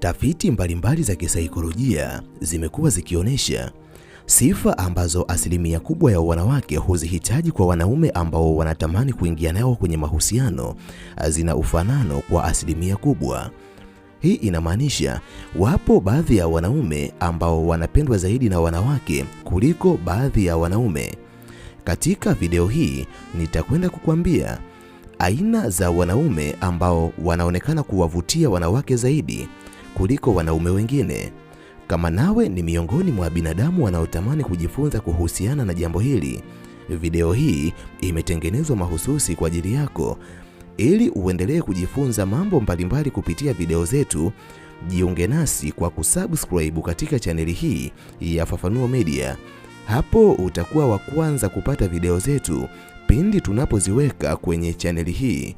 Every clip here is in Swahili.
Tafiti mbalimbali za kisaikolojia zimekuwa zikionyesha sifa ambazo asilimia kubwa ya wanawake huzihitaji kwa wanaume ambao wanatamani kuingia nao kwenye mahusiano zina ufanano kwa asilimia kubwa. Hii inamaanisha wapo baadhi ya wanaume ambao wanapendwa zaidi na wanawake kuliko baadhi ya wanaume. Katika video hii nitakwenda kukuambia aina za wanaume ambao wanaonekana kuwavutia wanawake zaidi kuliko wanaume wengine. Kama nawe ni miongoni mwa binadamu wanaotamani kujifunza kuhusiana na jambo hili, video hii imetengenezwa mahususi kwa ajili yako ili uendelee kujifunza mambo mbalimbali kupitia video zetu. Jiunge nasi kwa kusubscribe katika chaneli hii ya Fafanuo Media. Hapo utakuwa wa kwanza kupata video zetu pindi tunapoziweka kwenye chaneli hii.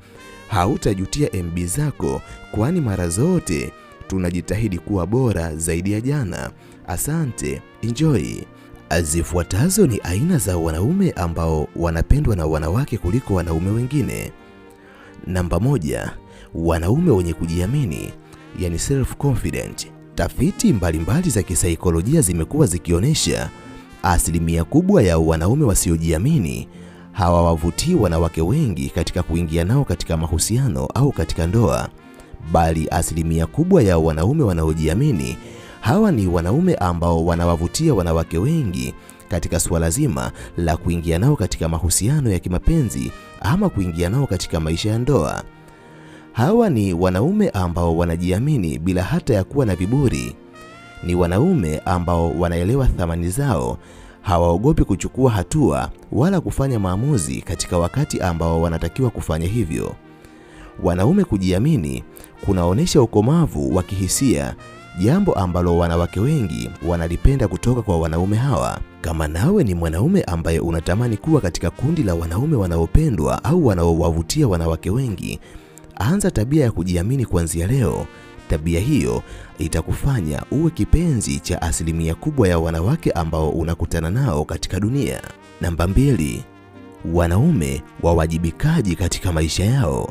Hautajutia MB zako, kwani mara zote tunajitahidi kuwa bora zaidi ya jana. Asante, enjoy. Zifuatazo ni aina za wanaume ambao wanapendwa na wanawake kuliko wanaume wengine. Namba moja, wanaume wenye kujiamini, yani self confident. Tafiti mbalimbali za kisaikolojia zimekuwa zikionyesha asilimia kubwa ya wanaume wasiojiamini hawawavutii wanawake wengi katika kuingia nao katika mahusiano au katika ndoa bali asilimia kubwa ya wanaume wanaojiamini hawa ni wanaume ambao wanawavutia wanawake wengi katika suala zima la kuingia nao katika mahusiano ya kimapenzi ama kuingia nao katika maisha ya ndoa. Hawa ni wanaume ambao wanajiamini bila hata ya kuwa na viburi. Ni wanaume ambao wanaelewa thamani zao, hawaogopi kuchukua hatua wala kufanya maamuzi katika wakati ambao wanatakiwa kufanya hivyo. Wanaume kujiamini kunaonyesha ukomavu wa kihisia, jambo ambalo wanawake wengi wanalipenda kutoka kwa wanaume hawa. Kama nawe ni mwanaume ambaye unatamani kuwa katika kundi la wanaume wanaopendwa au wanaowavutia wanawake wengi, anza tabia ya kujiamini kuanzia leo. Tabia hiyo itakufanya uwe kipenzi cha asilimia kubwa ya wanawake ambao unakutana nao katika dunia. Namba mbili, wanaume wawajibikaji katika maisha yao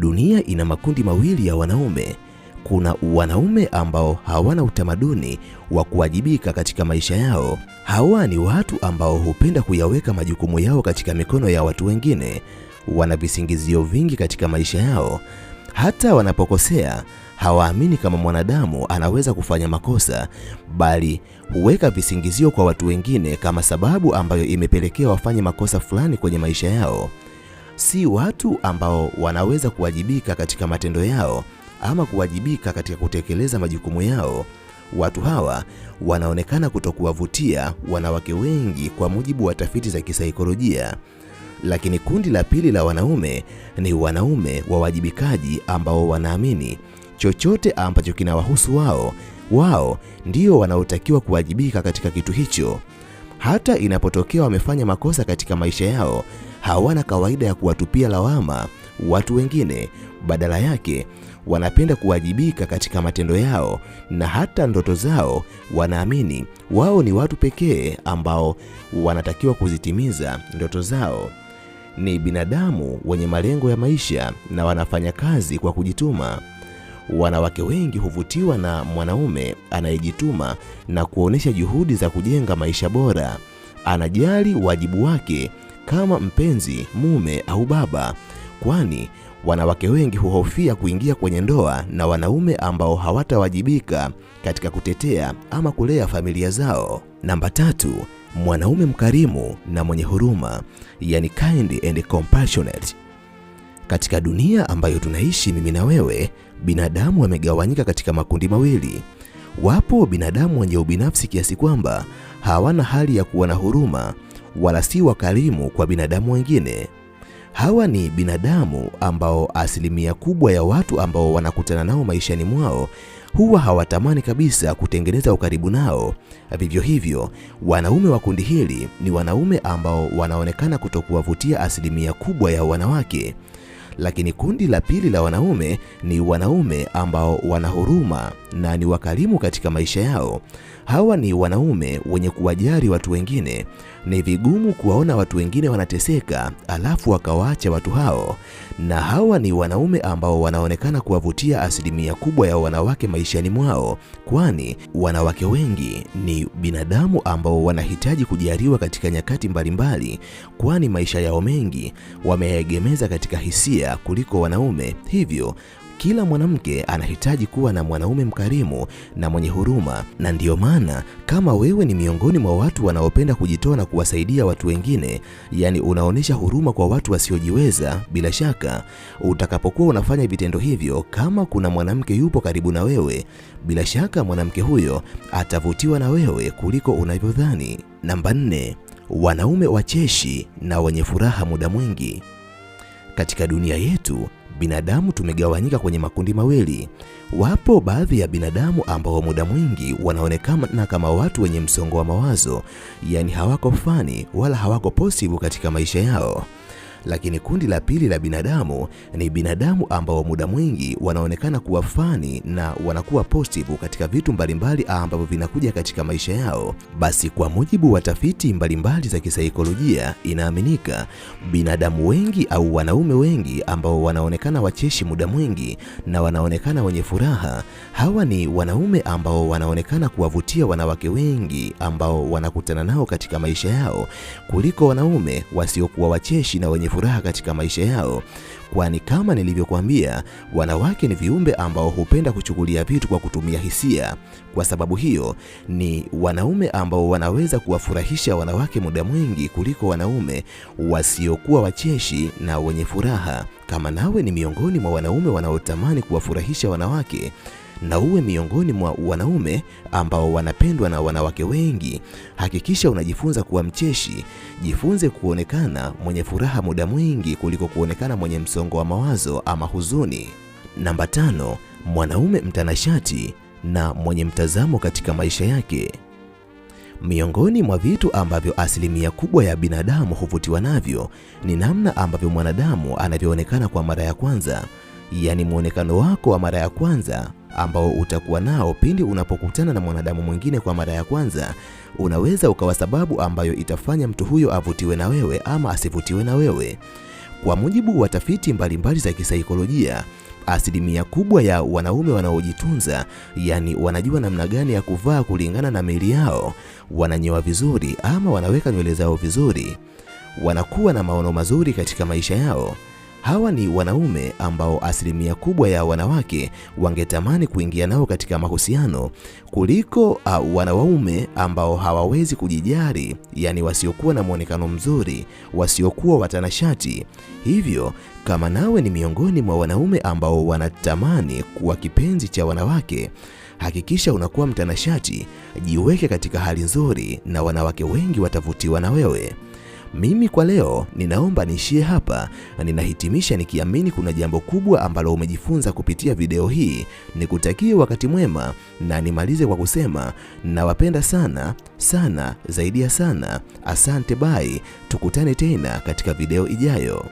dunia ina makundi mawili ya wanaume. Kuna wanaume ambao hawana utamaduni wa kuwajibika katika maisha yao. Hawa ni watu ambao hupenda kuyaweka majukumu yao katika mikono ya watu wengine. Wana visingizio vingi katika maisha yao. Hata wanapokosea hawaamini kama mwanadamu anaweza kufanya makosa, bali huweka visingizio kwa watu wengine kama sababu ambayo imepelekea wafanye makosa fulani kwenye maisha yao si watu ambao wanaweza kuwajibika katika matendo yao ama kuwajibika katika kutekeleza majukumu yao. Watu hawa wanaonekana kutokuwavutia wanawake wengi kwa mujibu wa tafiti za kisaikolojia. Lakini kundi la pili la wanaume ni wanaume wawajibikaji ambao wanaamini chochote ambacho kinawahusu wao, wao ndio wanaotakiwa kuwajibika katika kitu hicho hata inapotokea wamefanya makosa katika maisha yao, hawana kawaida ya kuwatupia lawama watu wengine. Badala yake wanapenda kuwajibika katika matendo yao na hata ndoto zao. Wanaamini wao ni watu pekee ambao wanatakiwa kuzitimiza ndoto zao. Ni binadamu wenye malengo ya maisha na wanafanya kazi kwa kujituma wanawake wengi huvutiwa na mwanaume anayejituma na kuonesha juhudi za kujenga maisha bora. Anajali wajibu wake kama mpenzi, mume au baba, kwani wanawake wengi huhofia kuingia kwenye ndoa na wanaume ambao hawatawajibika katika kutetea ama kulea familia zao. Namba tatu, mwanaume mkarimu na mwenye huruma, yani kind and compassionate. Katika dunia ambayo tunaishi mimi na wewe, binadamu wamegawanyika katika makundi mawili. Wapo binadamu wenye ubinafsi kiasi kwamba hawana hali ya kuwa na huruma wala si wakarimu kwa binadamu wengine. Hawa ni binadamu ambao asilimia kubwa ya watu ambao wanakutana nao maishani mwao huwa hawatamani kabisa kutengeneza ukaribu nao. Vivyo hivyo, wanaume wa kundi hili ni wanaume ambao wanaonekana kutokuwavutia asilimia kubwa ya wanawake lakini kundi la pili la wanaume ni wanaume ambao wana huruma na ni wakarimu katika maisha yao. Hawa ni wanaume wenye kuwajali watu wengine. Ni vigumu kuwaona watu wengine wanateseka alafu wakawaacha watu hao, na hawa ni wanaume ambao wanaonekana kuwavutia asilimia kubwa ya wanawake maishani mwao, kwani wanawake wengi ni binadamu ambao wanahitaji kujaliwa katika nyakati mbalimbali, kwani maisha yao mengi wameyaegemeza katika hisia kuliko wanaume, hivyo kila mwanamke anahitaji kuwa na mwanaume mkarimu na mwenye huruma, na ndiyo maana kama wewe ni miongoni mwa watu wanaopenda kujitoa na kuwasaidia watu wengine, yaani unaonyesha huruma kwa watu wasiojiweza, bila shaka utakapokuwa unafanya vitendo hivyo, kama kuna mwanamke yupo karibu na wewe, bila shaka mwanamke huyo atavutiwa na wewe kuliko unavyodhani. Namba nne, wanaume wacheshi na wenye furaha muda mwingi. Katika dunia yetu binadamu tumegawanyika kwenye makundi mawili. Wapo baadhi ya binadamu ambao muda mwingi wanaonekana kama watu wenye msongo wa mawazo, yaani hawako fani wala hawako positive katika maisha yao. Lakini kundi la pili la binadamu ni binadamu ambao muda mwingi wanaonekana kuwa fani na wanakuwa positive katika vitu mbalimbali ambavyo vinakuja katika maisha yao. Basi kwa mujibu wa tafiti mbalimbali za kisaikolojia, inaaminika binadamu wengi au wanaume wengi ambao wanaonekana wacheshi muda mwingi na wanaonekana wenye furaha, hawa ni wanaume ambao wanaonekana kuwavutia wanawake wengi ambao wanakutana nao katika maisha yao kuliko wanaume wasiokuwa wacheshi na wenye furaha furaha katika maisha yao, kwani kama nilivyokuambia, wanawake ni viumbe ambao hupenda kuchukulia vitu kwa kutumia hisia. Kwa sababu hiyo, ni wanaume ambao wanaweza kuwafurahisha wanawake muda mwingi kuliko wanaume wasiokuwa wacheshi na wenye furaha. Kama nawe ni miongoni mwa wanaume wanaotamani kuwafurahisha wanawake, na uwe miongoni mwa wanaume ambao wanapendwa na wanawake wengi. Hakikisha unajifunza kuwa mcheshi. Jifunze kuonekana mwenye furaha muda mwingi kuliko kuonekana mwenye msongo wa mawazo ama huzuni. Namba tano, mwanaume mtanashati na mwenye mtazamo katika maisha yake. Miongoni mwa vitu ambavyo asilimia kubwa ya binadamu huvutiwa navyo ni namna ambavyo mwanadamu anavyoonekana kwa mara ya kwanza. Yaani muonekano wako wa mara ya kwanza ambao utakuwa nao pindi unapokutana na mwanadamu mwingine kwa mara ya kwanza, unaweza ukawa sababu ambayo itafanya mtu huyo avutiwe na wewe ama asivutiwe na wewe. Kwa mujibu wa tafiti mbalimbali za kisaikolojia, asilimia kubwa ya wanaume wanaojitunza, yaani wanajua namna gani ya kuvaa kulingana na miili yao, wananyoa vizuri ama wanaweka nywele zao vizuri, wanakuwa na maono mazuri katika maisha yao Hawa ni wanaume ambao asilimia kubwa ya wanawake wangetamani kuingia nao katika mahusiano kuliko uh, wanaume ambao hawawezi kujijali, yani wasiokuwa na mwonekano mzuri, wasiokuwa watanashati. Hivyo kama nawe ni miongoni mwa wanaume ambao wanatamani kuwa kipenzi cha wanawake, hakikisha unakuwa mtanashati, jiweke katika hali nzuri na wanawake wengi watavutiwa na wewe. Mimi kwa leo ninaomba niishie hapa na ninahitimisha nikiamini kuna jambo kubwa ambalo umejifunza kupitia video hii. Nikutakie wakati mwema na nimalize kwa kusema nawapenda sana sana zaidi ya sana. Asante, bye. Tukutane tena katika video ijayo.